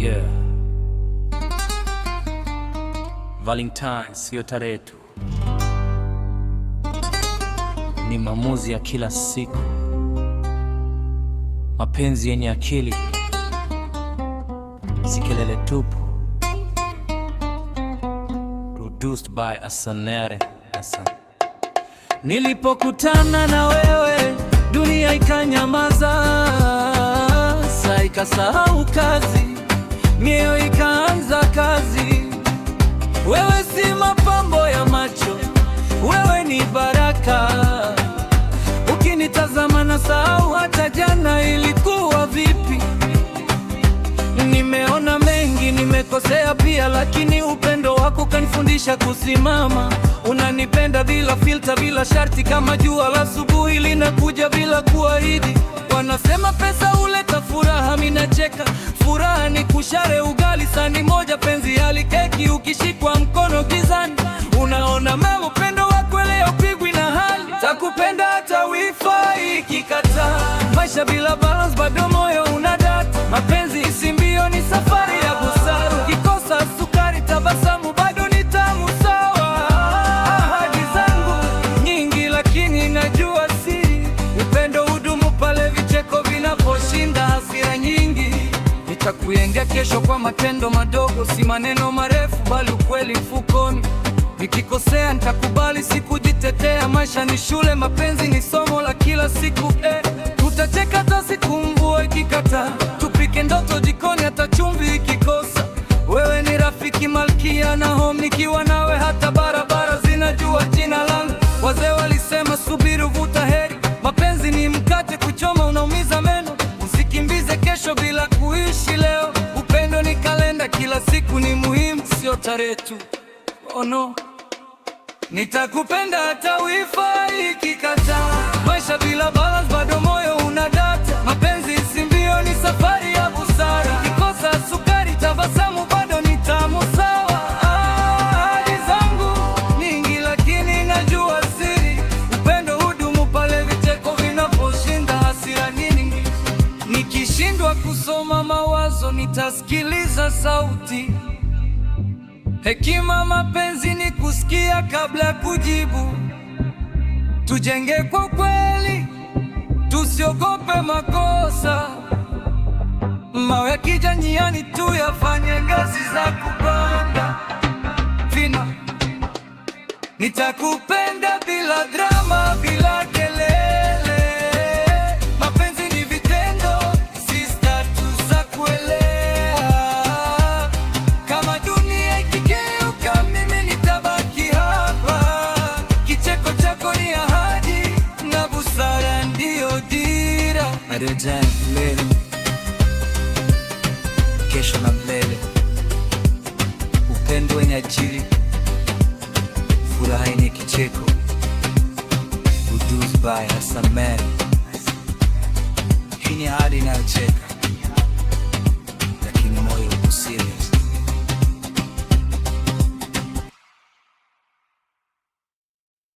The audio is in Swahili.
Yeah. Valentine siyo tarehe tu, ni maamuzi ya kila siku, mapenzi yenye akili, si kelele tupu. Produced by Asanere Asan. Nilipokutana na wewe dunia ikanyamaza, saa ikasahau kazi mioyo ikaanza kazi. Wewe si mapambo ya macho, wewe ni baraka. Ukinitazama na sahau hata jana ilikuwa vipi. Nimeona mengi, nimekosea pia, lakini upendo wako kanifundisha kusimama. Unanipenda bila filta, bila sharti, kama jua la asubuhi linakuja bila kuahidi. Wanasema pesa huleta furaha, minacheka ushare ugali, sani moja, penzi hali keki, ukishikwa mkono gizani, unaona mama Upendo wako leo pigwi na hali, takupenda hata wifi ikikataa, maisha bila balance bado nitakujenga kesho kwa matendo madogo, si maneno marefu, bali ukweli mfukoni. Nikikosea nitakubali, sikujitetea. Maisha ni shule, mapenzi ni somo la kila siku eh. Tutacheka hata siku mvua ikikata, tupike ndoto jikoni hata chumvi ikikosa. Wewe ni rafiki malkia na home, nikiwa nawe hata barabara zinajua jina langu. Wazee walisema subiri, vuta heri. Mapenzi ni mkate, kuchoma unaumiza meno, usikimbize kesho bila Tunaishi leo, upendo ni kalenda, kila siku ni muhimu, sio tarehe tu. Oh no, nitakupenda hata wifa Nikishindwa kusoma mawazo, nitasikiliza sauti. Hekima mapenzi ni kusikia kabla ya kujibu. Tujenge kwa kweli, tusiogope makosa. Mawe yakija njiani, yafanye ngazi za kupanda. Fina, nitakupenda bila drama, bila daraja kesho na milele, upendo wenye ajili, furaha yenye kicheko, ujuzi baya samehe. Hii ni ahadi inayocheka.